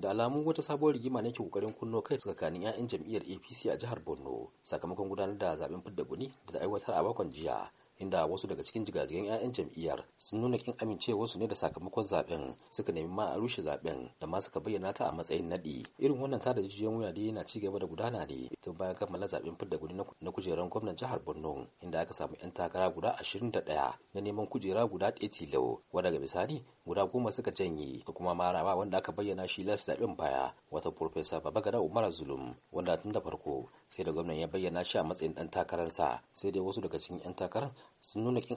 da alamun wata sabuwar rigima ne ke kokarin kunno kai tsakanin 'ya'yan jam'iyyar apc a jihar borno sakamakon gudanar da zaben fidda guni da aiwatar a bakon jiya inda wasu daga cikin jigajigan 'ya'yan jam'iyyar sun nuna kin amincewarsu ne da sakamakon zaben suka nemi ma a rushe zaben da ma suka bayyana ta a matsayin nadi irin wannan tada jijiyoyin wuya dai yana ci da gudana ne tun bayan kammala zaben fidda guri na kujerar gwamnan jihar Borno inda aka samu 'yan takara guda 21 na neman kujera guda ɗaya tilo wanda ga misali guda goma suka janye da kuma marawa wanda aka bayyana shi las zaben baya wata Profesa Babagada Umar Zulum wanda tun da farko sai da gwamnan ya bayyana shi a matsayin ɗan takararsa sai dai wasu daga cikin 'yan takarar sun nuna kin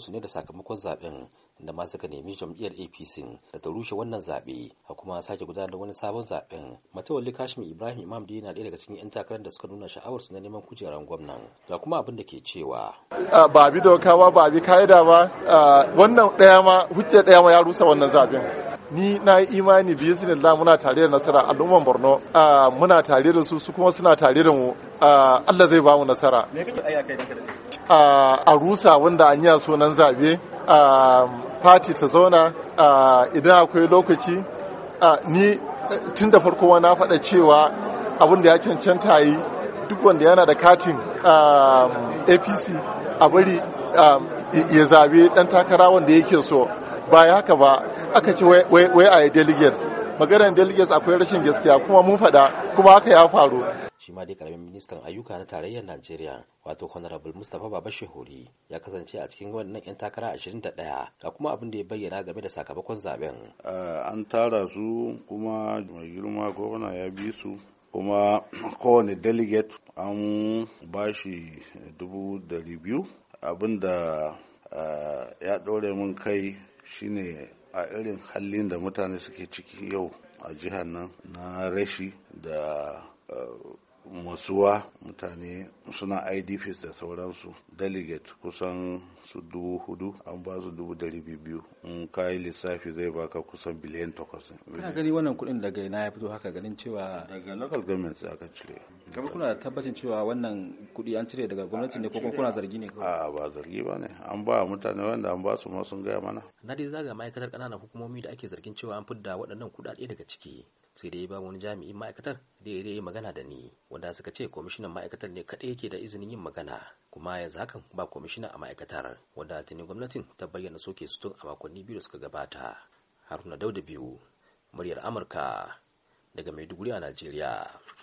su ne da sakamakon zaben da ma suka nemi jam'iyyar apc da ta rushe wannan zaɓe a kuma sake gudanar da wani sabon zaben matawalli kashmir ibrahim imam da yana ɗaya daga cikin 'yan takarar da suka nuna sha'awar su na neman kujerar gwamnan ga kuma abin da ke cewa ba bi doka ba ba bi ka'ida ba wannan ɗaya ma hujja ɗaya ma ya rusa wannan zaben ni na yi imani biyu sinin muna tare da nasara al'umman borno muna tare da su su kuma suna tare da mu Ah, Allah zai ba mu nasara ah, a rusa wanda an yi sunan zabe fati ah, ta zauna idan akwai lokaci ni eh, tun da farko na faɗa cewa abin da ya cancanta yi duk wanda yana da katin apc a bari ya zabe ɗan takara wanda yake so ba ya haka ba aka ci wai a delegates maganar delegates akwai rashin gaskiya kuma mun faɗa kuma haka ya faru shi ma dai karamin ministan ayyuka na tarayyar najeriya wato honorable mustapha baba shehuri ya kasance a cikin wannan 'yan takara 21 ga kuma abin da ya bayyana game da sakamakon zaben eh, an tara su kuma mai girma gwamna ya bi su kuma kowane delegate an ba shi dubu da biyu eh, da ya ɗore mun kai shine a irin halin da mutane suke ciki yau a jihar nan na rashi da eh, masuwa mutane suna idps da sauransu delegate kusan su dubu hudu an ba su dubu dari biyu in kayi lissafi zai baka kusan biliyan takwas kana gani wannan kuɗin daga ina ya fito haka ganin cewa daga local government ka cire kuma kuna da tabbacin cewa wannan kuɗi an cire daga gwamnati ne ko kuma kuna zargi ne a ba zargi ba ne an ba mutane wanda an ba su ma sun gaya mana na dai zaga ma'aikatar ƙananan hukumomi da ake zargin cewa an fidda waɗannan kuɗaɗe daga ciki sai dai ba wani jami'in ma'aikatar da ya yi magana da ni wanda suka ce kwamishinan ma'aikatar ne kaɗai yake da izinin yin magana kuma yanzu hakan ba kwamishina a ma'aikatar wanda tuni gwamnatin ta bayyana soke su tun a makonni biyu da suka gabata haruna dauda biyu muryar amurka daga maiduguri a najeriya